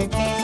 thank you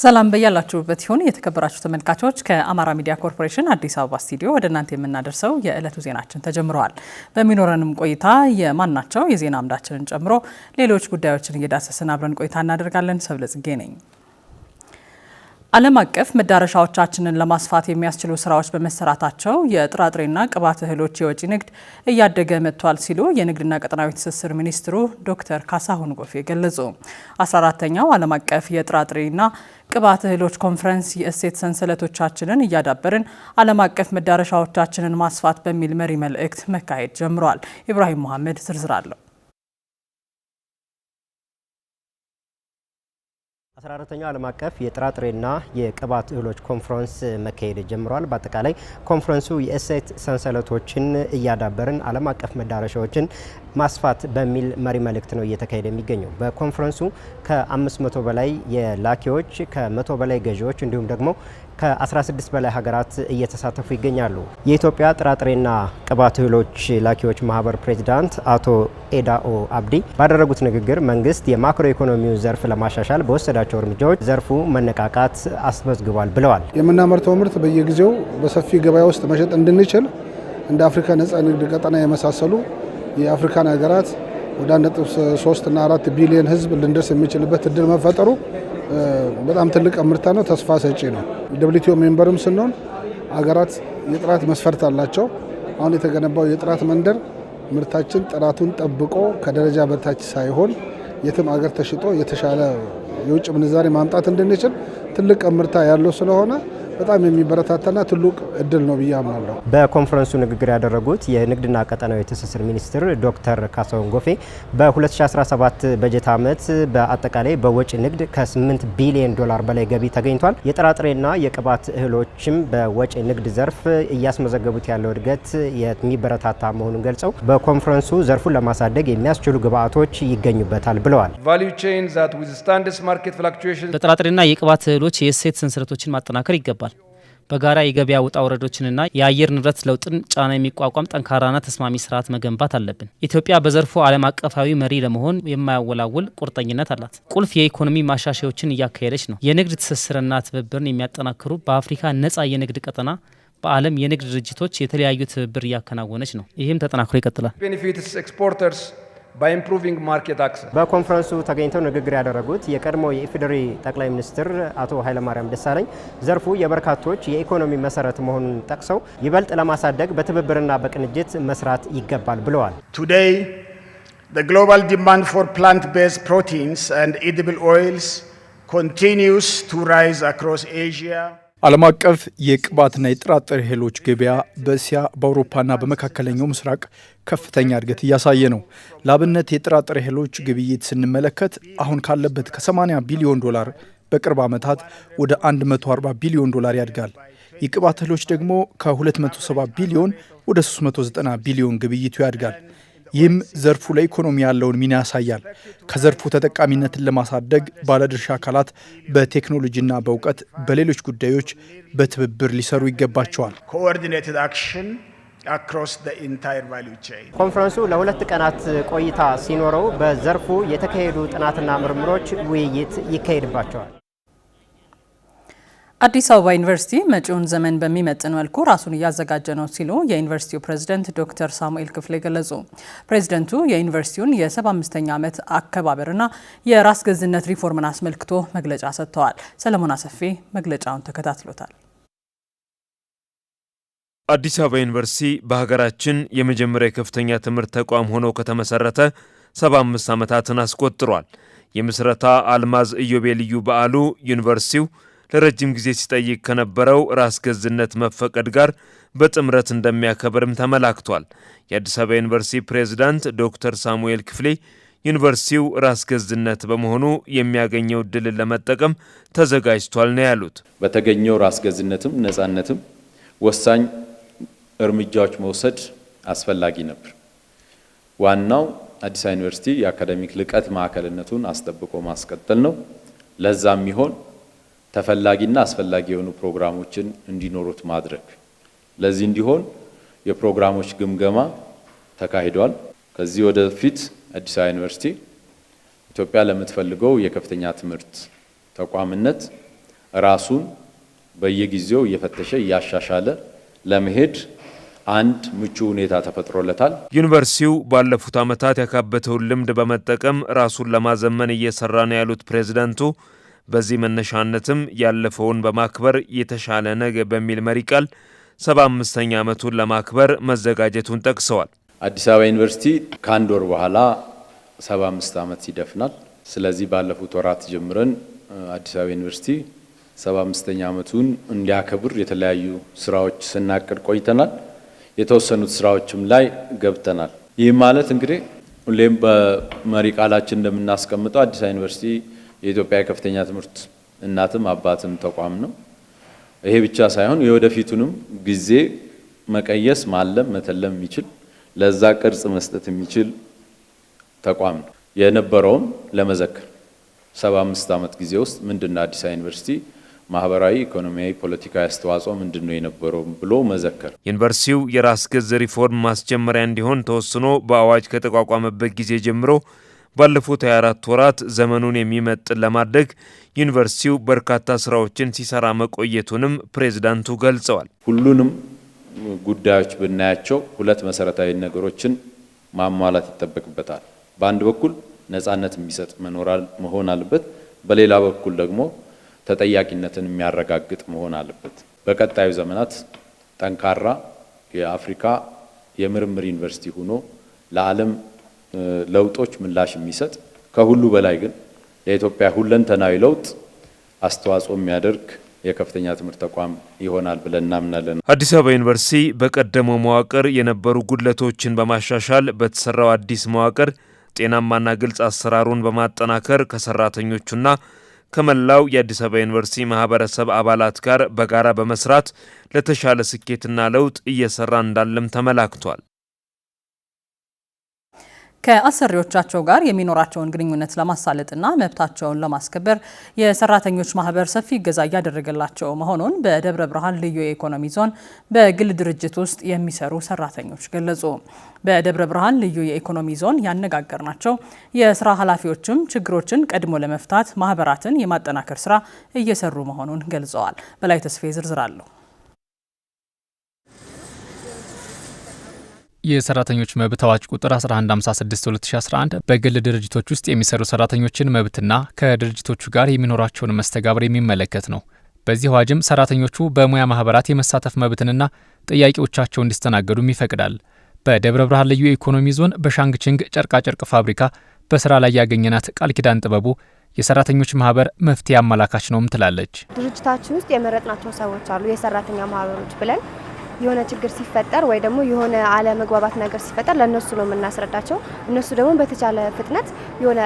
ሰላም በያላችሁበት ይሁን የተከበራችሁ ተመልካቾች። ከአማራ ሚዲያ ኮርፖሬሽን አዲስ አበባ ስቱዲዮ ወደ እናንተ የምናደርሰው የዕለቱ ዜናችን ተጀምረዋል። በሚኖረንም ቆይታ የማናቸው የዜና አምዳችንን ጨምሮ ሌሎች ጉዳዮችን እየዳሰስን አብረን ቆይታ እናደርጋለን። ሰብለጽጌ ነኝ። ዓለም አቀፍ መዳረሻዎቻችንን ለማስፋት የሚያስችሉ ስራዎች በመሰራታቸው የጥራጥሬና ቅባት እህሎች የወጪ ንግድ እያደገ መጥቷል ሲሉ የንግድና ቀጠናዊ ትስስር ሚኒስትሩ ዶክተር ካሳሁን ጎፌ ገለጹ። 14ተኛው ዓለም አቀፍ የጥራጥሬና ቅባት እህሎች ኮንፈረንስ የእሴት ሰንሰለቶቻችንን እያዳበርን ዓለም አቀፍ መዳረሻዎቻችንን ማስፋት በሚል መሪ መልእክት መካሄድ ጀምሯል። ኢብራሂም መሐመድ ዝርዝር አለው። አስራአራተኛው ዓለም አቀፍ የጥራጥሬና የቅባት እህሎች ኮንፈረንስ መካሄድ ጀምሯል። በአጠቃላይ ኮንፈረንሱ የእሴት ሰንሰለቶችን እያዳበርን ዓለም አቀፍ መዳረሻዎችን ማስፋት በሚል መሪ መልእክት ነው እየተካሄደ የሚገኘው። በኮንፈረንሱ ከ500 በላይ የላኪዎች ከ100 በላይ ገዢዎች እንዲሁም ደግሞ ከ16 በላይ ሀገራት እየተሳተፉ ይገኛሉ። የኢትዮጵያ ጥራጥሬና ቅባት እህሎች ላኪዎች ማህበር ፕሬዚዳንት አቶ ኤዳኦ አብዲ ባደረጉት ንግግር መንግስት የማክሮ ኢኮኖሚው ዘርፍ ለማሻሻል በወሰዳቸው እርምጃዎች ዘርፉ መነቃቃት አስመዝግቧል ብለዋል። የምናመርተው ምርት በየጊዜው በሰፊ ገበያ ውስጥ መሸጥ እንድንችል እንደ አፍሪካ ነጻ ንግድ ቀጠና የመሳሰሉ የአፍሪካን ሀገራት ወደ 1.3 እና 4 ቢሊዮን ህዝብ ልንደርስ የሚችልበት እድል መፈጠሩ በጣም ትልቅ እምርታ ነው፣ ተስፋ ሰጪ ነው። ደብሊውቲኦ ሜምበርም ስንሆን አገራት የጥራት መስፈርት አላቸው። አሁን የተገነባው የጥራት መንደር ምርታችን ጥራቱን ጠብቆ ከደረጃ በታች ሳይሆን የትም አገር ተሽጦ የተሻለ የውጭ ምንዛሬ ማምጣት እንድንችል ትልቅ እምርታ ያለው ስለሆነ በጣም የሚበረታታና ትልቅ እድል ነው ብዬ አምናለሁ። በኮንፈረንሱ ንግግር ያደረጉት የንግድና ቀጠናዊ ትስስር ሚኒስትር ዶክተር ካሳሁን ጎፌ በ2017 በጀት ዓመት በአጠቃላይ በወጪ ንግድ ከ8 ቢሊዮን ዶላር በላይ ገቢ ተገኝቷል። የጥራጥሬና የቅባት እህሎችም በወጪ ንግድ ዘርፍ እያስመዘገቡት ያለው እድገት የሚበረታታ መሆኑን ገልጸው በኮንፈረንሱ ዘርፉን ለማሳደግ የሚያስችሉ ግብአቶች ይገኙበታል ብለዋል። በጥራጥሬና የቅባት እህሎች የእሴት ሰንሰለቶችን ማጠናከር ይገባል። በጋራ የገበያ ውጣ ውረዶችንና የአየር ንብረት ለውጥን ጫና የሚቋቋም ጠንካራና ተስማሚ ስርዓት መገንባት አለብን። ኢትዮጵያ በዘርፉ ዓለም አቀፋዊ መሪ ለመሆን የማያወላውል ቁርጠኝነት አላት። ቁልፍ የኢኮኖሚ ማሻሻዎችን እያካሄደች ነው። የንግድ ትስስርና ትብብርን የሚያጠናክሩ በአፍሪካ ነጻ የንግድ ቀጠና በዓለም የንግድ ድርጅቶች የተለያዩ ትብብር እያከናወነች ነው። ይህም ተጠናክሮ ይቀጥላል። በኢምፕሩቪንግ ማርኬት አክሰስ በኮንፈረንሱ ተገኝተው ንግግር ያደረጉት የቀድሞ የኢፌዴሪ ጠቅላይ ሚኒስትር አቶ ኃይለማርያም ደሳለኝ ዘርፉ የበርካቶች የኢኮኖሚ መሰረት መሆኑን ጠቅሰው ይበልጥ ለማሳደግ በትብብርና በቅንጅት መስራት ይገባል ብለዋል። ቱዴይ the global demand for plant-based proteins and edible oils continues to rise across Asia. ዓለም አቀፍ የቅባትና የጥራጥሬ እህሎች ገበያ በእስያ በአውሮፓና በመካከለኛው ምስራቅ ከፍተኛ እድገት እያሳየ ነው። ለአብነት የጥራጥሬ እህሎች ግብይት ስንመለከት አሁን ካለበት ከ80 ቢሊዮን ዶላር በቅርብ ዓመታት ወደ 140 ቢሊዮን ዶላር ያድጋል። የቅባት እህሎች ደግሞ ከ270 ቢሊዮን ወደ 390 ቢሊዮን ግብይቱ ያድጋል። ይህም ዘርፉ ለኢኮኖሚ ያለውን ሚና ያሳያል። ከዘርፉ ተጠቃሚነትን ለማሳደግ ባለድርሻ አካላት በቴክኖሎጂና በእውቀት በሌሎች ጉዳዮች በትብብር ሊሰሩ ይገባቸዋል። ኮንፈረንሱ ለሁለት ቀናት ቆይታ ሲኖረው በዘርፉ የተካሄዱ ጥናትና ምርምሮች ውይይት ይካሄድባቸዋል። አዲስ አበባ ዩኒቨርሲቲ መጪውን ዘመን በሚመጥን መልኩ ራሱን እያዘጋጀ ነው ሲሉ የዩኒቨርሲቲው ፕሬዝደንት ዶክተር ሳሙኤል ክፍሌ ገለጹ። ፕሬዝደንቱ የዩኒቨርሲቲውን የ75ኛ ዓመት አከባበርና የራስ ገዝነት ሪፎርምን አስመልክቶ መግለጫ ሰጥተዋል። ሰለሞን አሰፌ መግለጫውን ተከታትሎታል። አዲስ አበባ ዩኒቨርሲቲ በሀገራችን የመጀመሪያ የከፍተኛ ትምህርት ተቋም ሆኖ ከተመሰረተ 75 ዓመታትን አስቆጥሯል። የምስረታ አልማዝ ኢዮቤልዩ በዓሉ ዩኒቨርሲቲው ለረጅም ጊዜ ሲጠይቅ ከነበረው ራስ ገዝነት መፈቀድ ጋር በጥምረት እንደሚያከብርም ተመላክቷል። የአዲስ አበባ ዩኒቨርሲቲ ፕሬዝዳንት ዶክተር ሳሙኤል ክፍሌ ዩኒቨርሲቲው ራስ ገዝነት በመሆኑ የሚያገኘው እድልን ለመጠቀም ተዘጋጅቷል ነው ያሉት። በተገኘው ራስ ገዝነትም ነጻነትም ወሳኝ እርምጃዎች መውሰድ አስፈላጊ ነበር። ዋናው አዲስ አበባ ዩኒቨርሲቲ የአካዳሚክ ልቀት ማዕከልነቱን አስጠብቆ ማስቀጠል ነው። ለዛም ሚሆን ተፈላጊና አስፈላጊ የሆኑ ፕሮግራሞችን እንዲኖሩት ማድረግ። ለዚህ እንዲሆን የፕሮግራሞች ግምገማ ተካሂዷል። ከዚህ ወደፊት አዲስ አበባ ዩኒቨርሲቲ ኢትዮጵያ ለምትፈልገው የከፍተኛ ትምህርት ተቋምነት ራሱን በየጊዜው እየፈተሸ እያሻሻለ ለመሄድ አንድ ምቹ ሁኔታ ተፈጥሮለታል። ዩኒቨርሲቲው ባለፉት ዓመታት ያካበተውን ልምድ በመጠቀም ራሱን ለማዘመን እየሰራ ነው ያሉት ፕሬዝደንቱ በዚህ መነሻነትም ያለፈውን በማክበር የተሻለ ነገ በሚል መሪ ቃል ሰባ አምስተኛ ዓመቱን ለማክበር መዘጋጀቱን ጠቅሰዋል። አዲስ አበባ ዩኒቨርሲቲ ከአንድ ወር በኋላ ሰባ አምስት ዓመት ይደፍናል። ስለዚህ ባለፉት ወራት ጀምረን አዲስ አበባ ዩኒቨርሲቲ ሰባ አምስተኛ ዓመቱን እንዲያከብር የተለያዩ ስራዎች ስናቅድ ቆይተናል። የተወሰኑት ስራዎችም ላይ ገብተናል። ይህም ማለት እንግዲህ ሁሌም በመሪ ቃላችን እንደምናስቀምጠው አዲስ አበባ ዩኒቨርሲቲ የኢትዮጵያ ከፍተኛ ትምህርት እናትም አባትም ተቋም ነው። ይሄ ብቻ ሳይሆን የወደፊቱንም ጊዜ መቀየስ ማለም መተለም የሚችል ለዛ ቅርጽ መስጠት የሚችል ተቋም ነው። የነበረውም ለመዘከር ሰባ አምስት ዓመት ጊዜ ውስጥ ምንድን ነው አዲስ አበባ ዩኒቨርሲቲ ማህበራዊ፣ ኢኮኖሚያዊ፣ ፖለቲካዊ አስተዋጽኦ ምንድን ነው የነበረው ብሎ መዘከር። ዩኒቨርሲቲው የራስ ገዝ ሪፎርም ማስጀመሪያ እንዲሆን ተወስኖ በአዋጅ ከተቋቋመበት ጊዜ ጀምሮ ባለፉት 24 ወራት ዘመኑን የሚመጥን ለማድረግ ዩኒቨርሲቲው በርካታ ስራዎችን ሲሰራ መቆየቱንም ፕሬዝዳንቱ ገልጸዋል። ሁሉንም ጉዳዮች ብናያቸው ሁለት መሰረታዊ ነገሮችን ማሟላት ይጠበቅበታል። በአንድ በኩል ነጻነት የሚሰጥ መኖራል መሆን አለበት። በሌላ በኩል ደግሞ ተጠያቂነትን የሚያረጋግጥ መሆን አለበት። በቀጣዩ ዘመናት ጠንካራ የአፍሪካ የምርምር ዩኒቨርሲቲ ሆኖ ለዓለም ለውጦች ምላሽ የሚሰጥ ከሁሉ በላይ ግን ለኢትዮጵያ ሁለንተናዊ ለውጥ አስተዋጽኦ የሚያደርግ የከፍተኛ ትምህርት ተቋም ይሆናል ብለን እናምናለን። አዲስ አበባ ዩኒቨርሲቲ በቀደመው መዋቅር የነበሩ ጉድለቶችን በማሻሻል በተሰራው አዲስ መዋቅር ጤናማና ግልጽ አሰራሩን በማጠናከር ከሰራተኞቹና ከመላው የአዲስ አበባ ዩኒቨርሲቲ ማህበረሰብ አባላት ጋር በጋራ በመስራት ለተሻለ ስኬትና ለውጥ እየሰራ እንዳለም ተመላክቷል። ከአሰሪዎቻቸው ጋር የሚኖራቸውን ግንኙነት ለማሳለጥና መብታቸውን ለማስከበር የሰራተኞች ማህበር ሰፊ እገዛ እያደረገላቸው መሆኑን በደብረ ብርሃን ልዩ የኢኮኖሚ ዞን በግል ድርጅት ውስጥ የሚሰሩ ሰራተኞች ገለጹ። በደብረ ብርሃን ልዩ የኢኮኖሚ ዞን ያነጋገርናቸው የስራ ኃላፊዎችም ችግሮችን ቀድሞ ለመፍታት ማህበራትን የማጠናከር ስራ እየሰሩ መሆኑን ገልጸዋል። በላይ ተስፌ ዝርዝር አለው። የሰራተኞች መብት አዋጅ ቁጥር 1156/2011 በግል ድርጅቶች ውስጥ የሚሰሩ ሰራተኞችን መብትና ከድርጅቶቹ ጋር የሚኖራቸውን መስተጋብር የሚመለከት ነው። በዚህ አዋጅም ሰራተኞቹ በሙያ ማህበራት የመሳተፍ መብትንና ጥያቄዎቻቸው እንዲስተናገዱም ይፈቅዳል። በደብረ ብርሃን ልዩ የኢኮኖሚ ዞን በሻንግቺንግ ጨርቃጨርቅ ፋብሪካ በስራ ላይ ያገኘናት ቃል ኪዳን ጥበቡ የሰራተኞች ማህበር መፍትሄ አመላካች ነውም ትላለች። ድርጅታችን ውስጥ የመረጥናቸው ሰዎች አሉ የሰራተኛ ማህበሮች ብለን የሆነ ችግር ሲፈጠር ወይ ደግሞ የሆነ አለመግባባት ነገር ሲፈጠር ለእነሱ ነው የምናስረዳቸው። እነሱ ደግሞ በተቻለ ፍጥነት የሆነ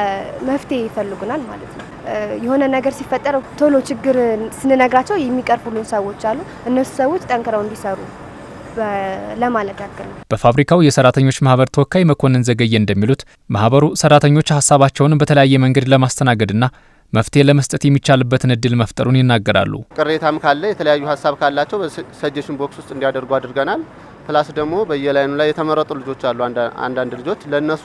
መፍትሄ ይፈልጉናል ማለት ነው። የሆነ ነገር ሲፈጠር ቶሎ ችግር ስንነግራቸው የሚቀርፉልን ሰዎች አሉ። እነሱ ሰዎች ጠንክረው እንዲሰሩ ለማለት ያክል ነው። በፋብሪካው የሰራተኞች ማህበር ተወካይ መኮንን ዘገየ እንደሚሉት ማህበሩ ሰራተኞች ሀሳባቸውን በተለያየ መንገድ ለማስተናገድና መፍትሄ ለመስጠት የሚቻልበትን እድል መፍጠሩን ይናገራሉ። ቅሬታም ካለ የተለያዩ ሀሳብ ካላቸው በሰጀሽን ቦክስ ውስጥ እንዲያደርጉ አድርገናል። ፕላስ ደግሞ በየላይኑ ላይ የተመረጡ ልጆች አሉ። አንዳንድ ልጆች ለእነሱ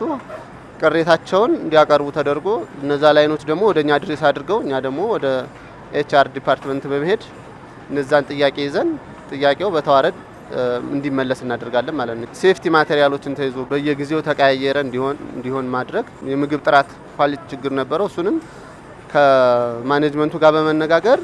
ቅሬታቸውን እንዲያቀርቡ ተደርጎ እነዛ ላይኖች ደግሞ ወደ እኛ ድሬስ አድርገው እኛ ደግሞ ወደ ኤችአር ዲፓርትመንት በመሄድ እነዛን ጥያቄ ይዘን ጥያቄው በተዋረድ እንዲመለስ እናደርጋለን ማለት ነው። ሴፍቲ ማቴሪያሎችን ተይዞ በየጊዜው ተቀያየረ እንዲሆን እንዲሆን ማድረግ የምግብ ጥራት ኳሊቲ ችግር ነበረው እሱንም ከማኔጅመንቱ ጋር በመነጋገር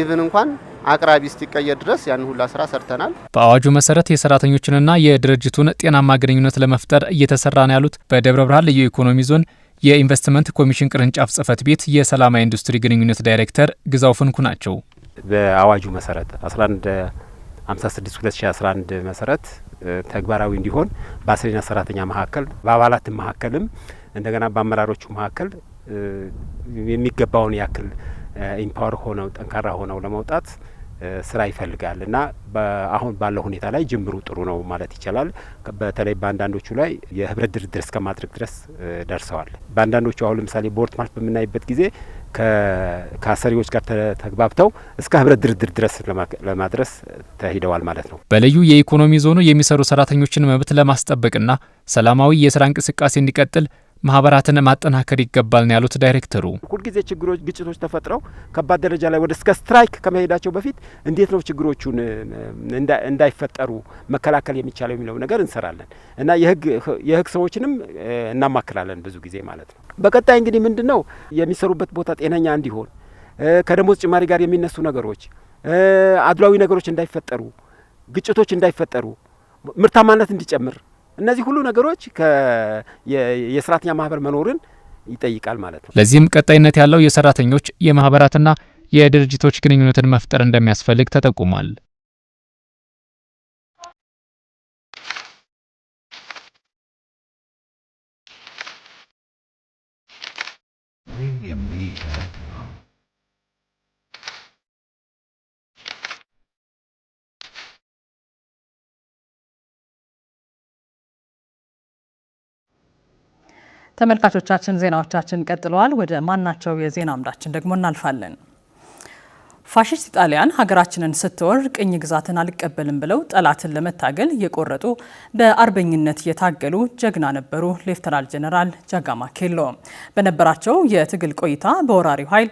ኢቭን እንኳን አቅራቢ እስቲቀየር ድረስ ያን ሁላ ስራ ሰርተናል። በአዋጁ መሰረት የሰራተኞችንና የድርጅቱን ጤናማ ግንኙነት ለመፍጠር እየተሰራ ነው ያሉት በደብረ ብርሃን ልዩ ኢኮኖሚ ዞን የኢንቨስትመንት ኮሚሽን ቅርንጫፍ ጽህፈት ቤት የሰላማዊ ኢንዱስትሪ ግንኙነት ዳይሬክተር ግዛው ፍንኩ ናቸው። በአዋጁ መሰረት 1156 2011 መሰረት ተግባራዊ እንዲሆን በአሰሪና ሰራተኛ መካከል በአባላት መካከልም እንደገና በአመራሮቹ መካከል የሚገባውን ያክል ኢምፓወር ሆነው ጠንካራ ሆነው ለመውጣት ስራ ይፈልጋል እና አሁን ባለው ሁኔታ ላይ ጅምሩ ጥሩ ነው ማለት ይቻላል። በተለይ በአንዳንዶቹ ላይ የህብረት ድርድር እስከ ማድረግ ድረስ ደርሰዋል። በአንዳንዶቹ አሁን ለምሳሌ ማልት በምናይበት ጊዜ ከአሰሪዎች ጋር ተግባብተው እስከ ህብረት ድርድር ድረስ ለማድረስ ተሂደዋል ማለት ነው። በልዩ የኢኮኖሚ ዞኑ የሚሰሩ ሰራተኞችን መብት ለማስጠበቅና ሰላማዊ የስራ እንቅስቃሴ እንዲቀጥል ማህበራትን ማጠናከር ይገባል ነው ያሉት ዳይሬክተሩ። ሁልጊዜ ችግሮች፣ ግጭቶች ተፈጥረው ከባድ ደረጃ ላይ ወደ እስከ ስትራይክ ከመሄዳቸው በፊት እንዴት ነው ችግሮቹን እንዳይፈጠሩ መከላከል የሚቻለው የሚለው ነገር እንሰራለን እና የህግ ሰዎችንም እናማክላለን ብዙ ጊዜ ማለት ነው። በቀጣይ እንግዲህ ምንድን ነው የሚሰሩበት ቦታ ጤነኛ እንዲሆን ከደሞዝ ጭማሪ ጋር የሚነሱ ነገሮች፣ አድሏዊ ነገሮች እንዳይፈጠሩ፣ ግጭቶች እንዳይፈጠሩ፣ ምርታማነት እንዲጨምር እነዚህ ሁሉ ነገሮች የሰራተኛ ማህበር መኖርን ይጠይቃል ማለት ነው። ለዚህም ቀጣይነት ያለው የሰራተኞች የማህበራትና የድርጅቶች ግንኙነትን መፍጠር እንደሚያስፈልግ ተጠቁሟል። ተመልካቾቻችን ዜናዎቻችን ቀጥለዋል። ወደ ማናቸው የዜና አምዳችን ደግሞ እናልፋለን። ፋሽስት ጣሊያን ሀገራችንን ስትወር ቅኝ ግዛትን አልቀበልም ብለው ጠላትን ለመታገል የቆረጡ በአርበኝነት የታገሉ ጀግና ነበሩ። ሌፍተናል ጀነራል ጃጋማ ኬሎ በነበራቸው የትግል ቆይታ በወራሪው ኃይል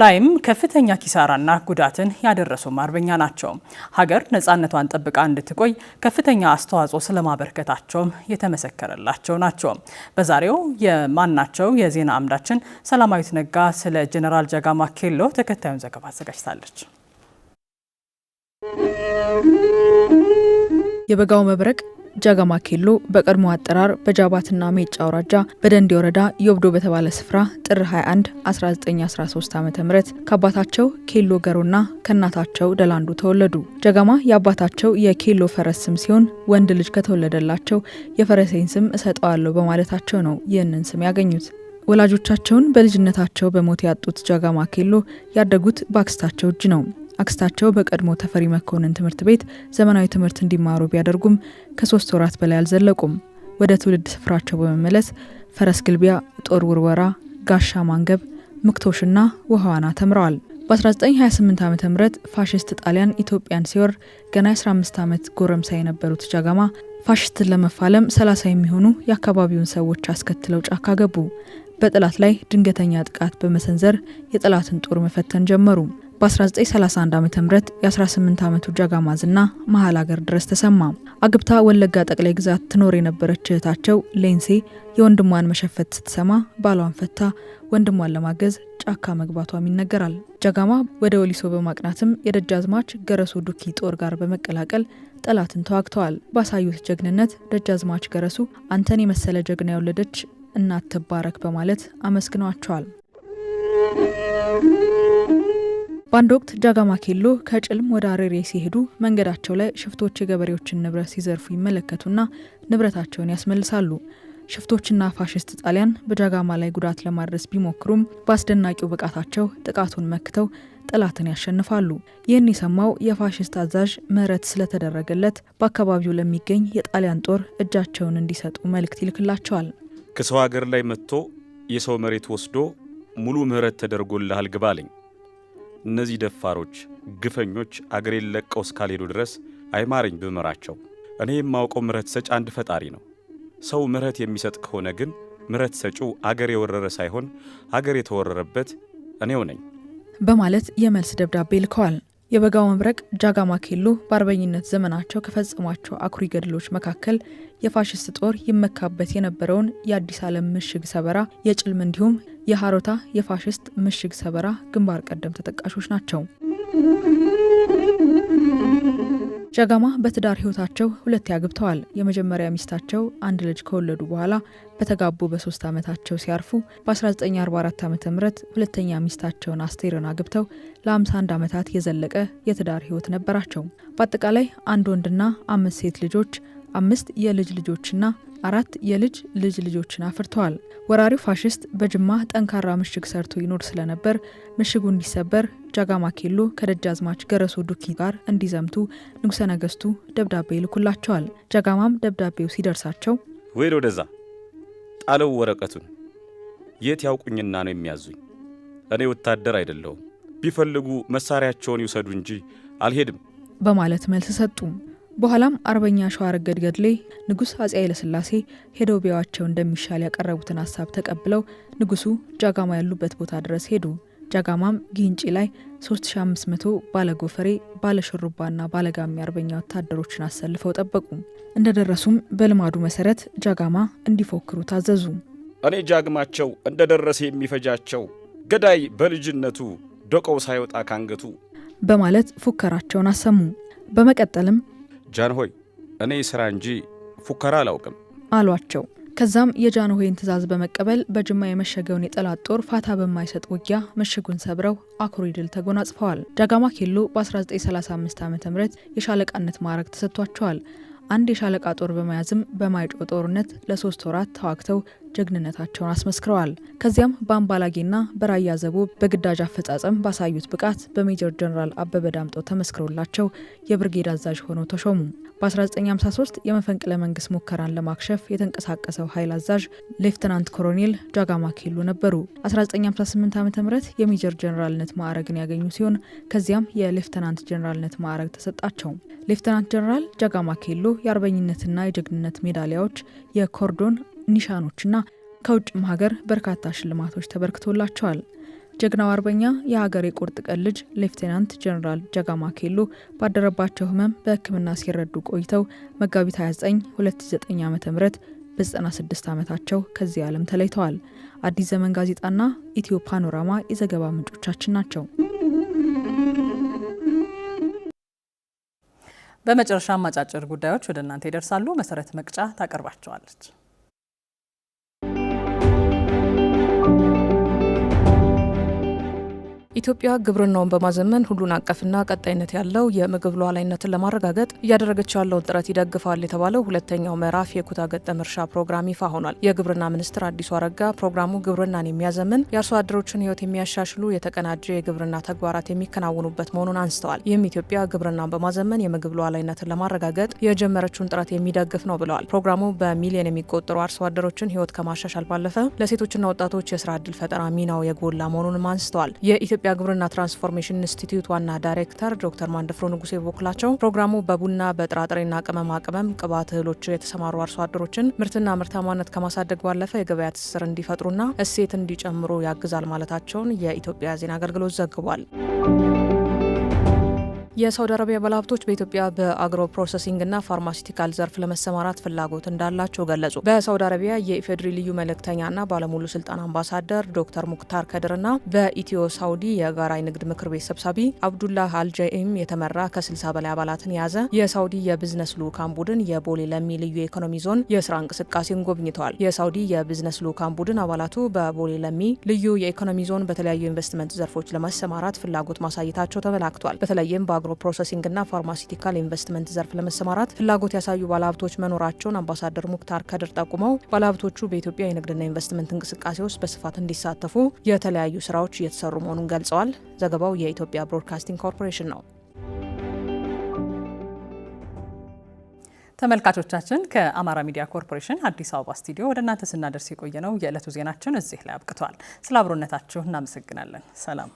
ላይም ከፍተኛ ኪሳራና ጉዳትን ያደረሱም አርበኛ ናቸው። ሀገር ነጻነቷን ጠብቃ እንድትቆይ ከፍተኛ አስተዋጽኦ ስለማበርከታቸውም የተመሰከረላቸው ናቸው። በዛሬው የማናቸው የዜና አምዳችን ሰላማዊት ነጋ ስለ ጀነራል ጃጋማ ኬሎ ተከታዩን ዘገባ አዘጋጅታለች። የበጋው መብረቅ ጃጋማ ኬሎ በቀድሞ አጠራር በጃባትና ሜጫ አውራጃ በደንዲ ወረዳ ዮብዶ በተባለ ስፍራ ጥር 21 1913 ዓ ም ከአባታቸው ኬሎ ገሮና ከእናታቸው ደላንዱ ተወለዱ። ጃጋማ የአባታቸው የኬሎ ፈረስ ስም ሲሆን ወንድ ልጅ ከተወለደላቸው የፈረሴን ስም እሰጠዋለሁ በማለታቸው ነው ይህንን ስም ያገኙት። ወላጆቻቸውን በልጅነታቸው በሞት ያጡት ጃጋማ ኬሎ ያደጉት በአክስታቸው እጅ ነው። አክስታቸው በቀድሞ ተፈሪ መኮንን ትምህርት ቤት ዘመናዊ ትምህርት እንዲማሩ ቢያደርጉም ከሶስት ወራት በላይ አልዘለቁም። ወደ ትውልድ ስፍራቸው በመመለስ ፈረስ ግልቢያ፣ ጦር ውርወራ፣ ጋሻ ማንገብ፣ ምክቶሽና ውሃ ዋና ተምረዋል። በ1928 ዓ ም ፋሽስት ጣሊያን ኢትዮጵያን ሲወር ገና 15 ዓመት ጎረምሳ የነበሩት ጃጋማ ፋሽስትን ለመፋለም 30 የሚሆኑ የአካባቢውን ሰዎች አስከትለው ጫካ ገቡ። በጠላት ላይ ድንገተኛ ጥቃት በመሰንዘር የጠላትን ጦር መፈተን ጀመሩ። በ1931 ዓ ም የ18 ዓመቱ ጃጋማ ዝና መሀል አገር ድረስ ተሰማ። አግብታ ወለጋ ጠቅላይ ግዛት ትኖር የነበረች እህታቸው ሌንሴ የወንድሟን መሸፈት ስትሰማ ባሏን ፈታ ወንድሟን ለማገዝ ጫካ መግባቷም ይነገራል። ጃጋማ ወደ ወሊሶ በማቅናትም የደጃዝማች ገረሱ ዱኪ ጦር ጋር በመቀላቀል ጠላትን ተዋግተዋል። ባሳዩት ጀግንነት ደጃዝማች ገረሱ አንተን የመሰለ ጀግና የወለደች እናት ትባረክ በማለት አመስግነዋቸዋል። በአንድ ወቅት ጃጋማ ኬሎ ከጭልም ወደ አረሬ ሲሄዱ መንገዳቸው ላይ ሽፍቶች የገበሬዎችን ንብረት ሲዘርፉ ይመለከቱና ንብረታቸውን ያስመልሳሉ። ሽፍቶችና ፋሽስት ጣሊያን በጃጋማ ላይ ጉዳት ለማድረስ ቢሞክሩም በአስደናቂው ብቃታቸው ጥቃቱን መክተው ጠላትን ያሸንፋሉ። ይህን የሰማው የፋሽስት አዛዥ ምህረት ስለተደረገለት በአካባቢው ለሚገኝ የጣሊያን ጦር እጃቸውን እንዲሰጡ መልእክት ይልክላቸዋል። ከሰው ሀገር ላይ መጥቶ የሰው መሬት ወስዶ ሙሉ ምህረት ተደርጎልሃል ግባ አለኝ እነዚህ ደፋሮች ግፈኞች አገሬን ለቀው እስካልሄዱ ድረስ አይማረኝ ብምራቸው። እኔ የማውቀው ምረት ሰጭ አንድ ፈጣሪ ነው። ሰው ምረት የሚሰጥ ከሆነ ግን ምረት ሰጪው አገር የወረረ ሳይሆን አገር የተወረረበት እኔው ነኝ በማለት የመልስ ደብዳቤ ልከዋል። የበጋው መብረቅ ጃጋማ ኬሉ በአርበኝነት ዘመናቸው ከፈጸሟቸው አኩሪ ገድሎች መካከል የፋሽስት ጦር ይመካበት የነበረውን የአዲስ ዓለም ምሽግ ሰበራ፣ የጭልም እንዲሁም የሐሮታ፣ የፋሽስት ምሽግ ሰበራ ግንባር ቀደም ተጠቃሾች ናቸው። ጀጋማ በትዳር ህይወታቸው ሁለት ያግብተዋል። የመጀመሪያ ሚስታቸው አንድ ልጅ ከወለዱ በኋላ በተጋቡ በሶስት ዓመታቸው ሲያርፉ በ1944 ዓ ም ሁለተኛ ሚስታቸውን አስቴርን አግብተው ለ51 ዓመታት የዘለቀ የትዳር ህይወት ነበራቸው። በአጠቃላይ አንድ ወንድና አምስት ሴት ልጆች አምስት የልጅ ልጆችና አራት የልጅ ልጅ ልጆችን አፍርተዋል። ወራሪው ፋሽስት በጅማ ጠንካራ ምሽግ ሰርቶ ይኖር ስለነበር ምሽጉ እንዲሰበር ጃጋማ ኬሎ ከደጃዝማች ገረሱ ዱኪ ጋር እንዲዘምቱ ንጉሠ ነገሥቱ ደብዳቤ ይልኩላቸዋል። ጃጋማም ደብዳቤው ሲደርሳቸው ወይል ወደዛ ጣለው ወረቀቱን የት ያውቁኝና ነው የሚያዙኝ? እኔ ወታደር አይደለሁም። ቢፈልጉ መሳሪያቸውን ይውሰዱ እንጂ አልሄድም በማለት መልስ ሰጡ። በኋላም አርበኛ ሸዋ ረገድ ገድሌ ንጉሥ አጼ ኃይለሥላሴ ሄደው ቢያዋቸው እንደሚሻል ያቀረቡትን ሀሳብ ተቀብለው ንጉሱ ጃጋማ ያሉበት ቦታ ድረስ ሄዱ። ጃጋማም ጊንጪ ላይ 3500 ባለጎፈሬ ባለሽሩባና ባለጋሚ አርበኛ ወታደሮችን አሰልፈው ጠበቁ። እንደደረሱም በልማዱ መሰረት ጃጋማ እንዲፎክሩ ታዘዙ። እኔ ጃግማቸው እንደደረሰ የሚፈጃቸው ገዳይ በልጅነቱ ዶቀው ሳይወጣ ካንገቱ በማለት ፉከራቸውን አሰሙ። በመቀጠልም ጃን ሆይ እኔ ስራ እንጂ ፉከራ አላውቅም አሏቸው። ከዛም የጃንሆይን ትዕዛዝ በመቀበል በጅማ የመሸገውን የጠላት ጦር ፋታ በማይሰጥ ውጊያ ምሽጉን ሰብረው አኩሪ ድል ተጎናጽፈዋል። ዳጋማ ኬሎ በ1935 ዓ ም የሻለቃነት ማዕረግ ተሰጥቷቸዋል። አንድ የሻለቃ ጦር በመያዝም በማይጮ ጦርነት ለሶስት ወራት ተዋግተው ጀግንነታቸውን አስመስክረዋል። ከዚያም በአምባላጌና በራያ ዘቦ በግዳጅ አፈጻጸም ባሳዩት ብቃት በሜጀር ጀነራል አበበ ዳምጠው ተመስክሮላቸው የብርጌድ አዛዥ ሆነው ተሾሙ። በ1953 የመፈንቅለ መንግስት ሙከራን ለማክሸፍ የተንቀሳቀሰው ኃይል አዛዥ ሌፍተናንት ኮሎኔል ጃጋማ ኬሉ ነበሩ። 1958 ዓ ም የሜጀር ጀነራልነት ማዕረግን ያገኙ ሲሆን ከዚያም የሌፍትናንት ጀነራልነት ማዕረግ ተሰጣቸው። ሌፍትናንት ጀነራል ጃጋማ ኬሉ የአርበኝነትና የጀግንነት ሜዳሊያዎች፣ የኮርዶን ኒሻኖችና ከውጭም ሀገር በርካታ ሽልማቶች ተበርክቶላቸዋል። ጀግናው አርበኛ የሀገር የቁርጥ ቀን ልጅ ሌፍቴናንት ጀኔራል ጀጋማ ኬሎ ባደረባቸው ህመም በሕክምና ሲረዱ ቆይተው መጋቢት 29 2009 ዓ ም በ96 ዓመታቸው ከዚህ ዓለም ተለይተዋል። አዲስ ዘመን ጋዜጣና ኢትዮ ፓኖራማ የዘገባ ምንጮቻችን ናቸው። በመጨረሻም አጫጭር ጉዳዮች ወደ እናንተ ይደርሳሉ። መሰረት መቅጫ ታቀርባቸዋለች። ኢትዮጵያ ግብርናውን በማዘመን ሁሉን አቀፍና ቀጣይነት ያለው የምግብ ሉዓላዊነትን ለማረጋገጥ እያደረገች ያለውን ጥረት ይደግፋል የተባለው ሁለተኛው ምዕራፍ የኩታ ገጠም እርሻ ፕሮግራም ይፋ ሆኗል። የግብርና ሚኒስትር አዲሱ አረጋ ፕሮግራሙ ግብርናን የሚያዘምን የአርሶ አደሮችን ሕይወት የሚያሻሽሉ የተቀናጀ የግብርና ተግባራት የሚከናወኑበት መሆኑን አንስተዋል። ይህም ኢትዮጵያ ግብርናን በማዘመን የምግብ ሉዓላዊነትን ለማረጋገጥ የጀመረችውን ጥረት የሚደግፍ ነው ብለዋል። ፕሮግራሙ በሚሊዮን የሚቆጠሩ አርሶ አደሮችን ሕይወት ከማሻሻል ባለፈ ለሴቶችና ወጣቶች የስራ ድል ፈጠራ ሚናው የጎላ መሆኑንም አንስተዋል። የኢትዮጵያ የኢትዮጵያ ግብርና ትራንስፎርሜሽን ኢንስቲትዩት ዋና ዳይሬክተር ዶክተር ማንደፍሮ ንጉሴ በበኩላቸው ፕሮግራሙ በቡና በጥራጥሬና ቅመማ ቅመም ቅባት እህሎች የተሰማሩ አርሶ አደሮችን ምርትና ምርታማነት ከማሳደግ ባለፈ የገበያ ትስስር እንዲፈጥሩና እሴት እንዲጨምሩ ያግዛል ማለታቸውን የኢትዮጵያ ዜና አገልግሎት ዘግቧል። የሳውዲ አረቢያ ባለሀብቶች በኢትዮጵያ በአግሮ ፕሮሰሲንግ ና ፋርማሲቲካል ዘርፍ ለመሰማራት ፍላጎት እንዳላቸው ገለጹ። በሳውዲ አረቢያ የኢፌዴሪ ልዩ መልእክተኛ ና ባለሙሉ ስልጣን አምባሳደር ዶክተር ሙክታር ከድር ና በኢትዮ ሳውዲ የጋራ ንግድ ምክር ቤት ሰብሳቢ አብዱላህ አልጃኢም የተመራ ከ60 በላይ አባላትን የያዘ የሳውዲ የቢዝነስ ልኡካን ቡድን የቦሌ ለሚ ልዩ የኢኮኖሚ ዞን የስራ እንቅስቃሴን ጎብኝተዋል። የሳውዲ የቢዝነስ ልኡካን ቡድን አባላቱ በቦሌ ለሚ ልዩ የኢኮኖሚ ዞን በተለያዩ ኢንቨስትመንት ዘርፎች ለመሰማራት ፍላጎት ማሳየታቸው ተመላክቷል። በተለይም በአግሮ ፕሮሰሲንግ ፕሮሰሲንግና ፋርማሲቲካል ኢንቨስትመንት ዘርፍ ለመሰማራት ፍላጎት ያሳዩ ባለሀብቶች መኖራቸውን አምባሳደር ሙክታር ከድር ጠቁመው ባለሀብቶቹ በኢትዮጵያ የንግድና ኢንቨስትመንት እንቅስቃሴ ውስጥ በስፋት እንዲሳተፉ የተለያዩ ስራዎች እየተሰሩ መሆኑን ገልጸዋል። ዘገባው የኢትዮጵያ ብሮድካስቲንግ ኮርፖሬሽን ነው። ተመልካቾቻችን ከአማራ ሚዲያ ኮርፖሬሽን አዲስ አበባ ስቱዲዮ ወደ እናንተ ስናደርስ የቆየ ነው። የዕለቱ ዜናችን እዚህ ላይ አብቅቷል። ስለ አብሮነታችሁ እናመሰግናለን። ሰላም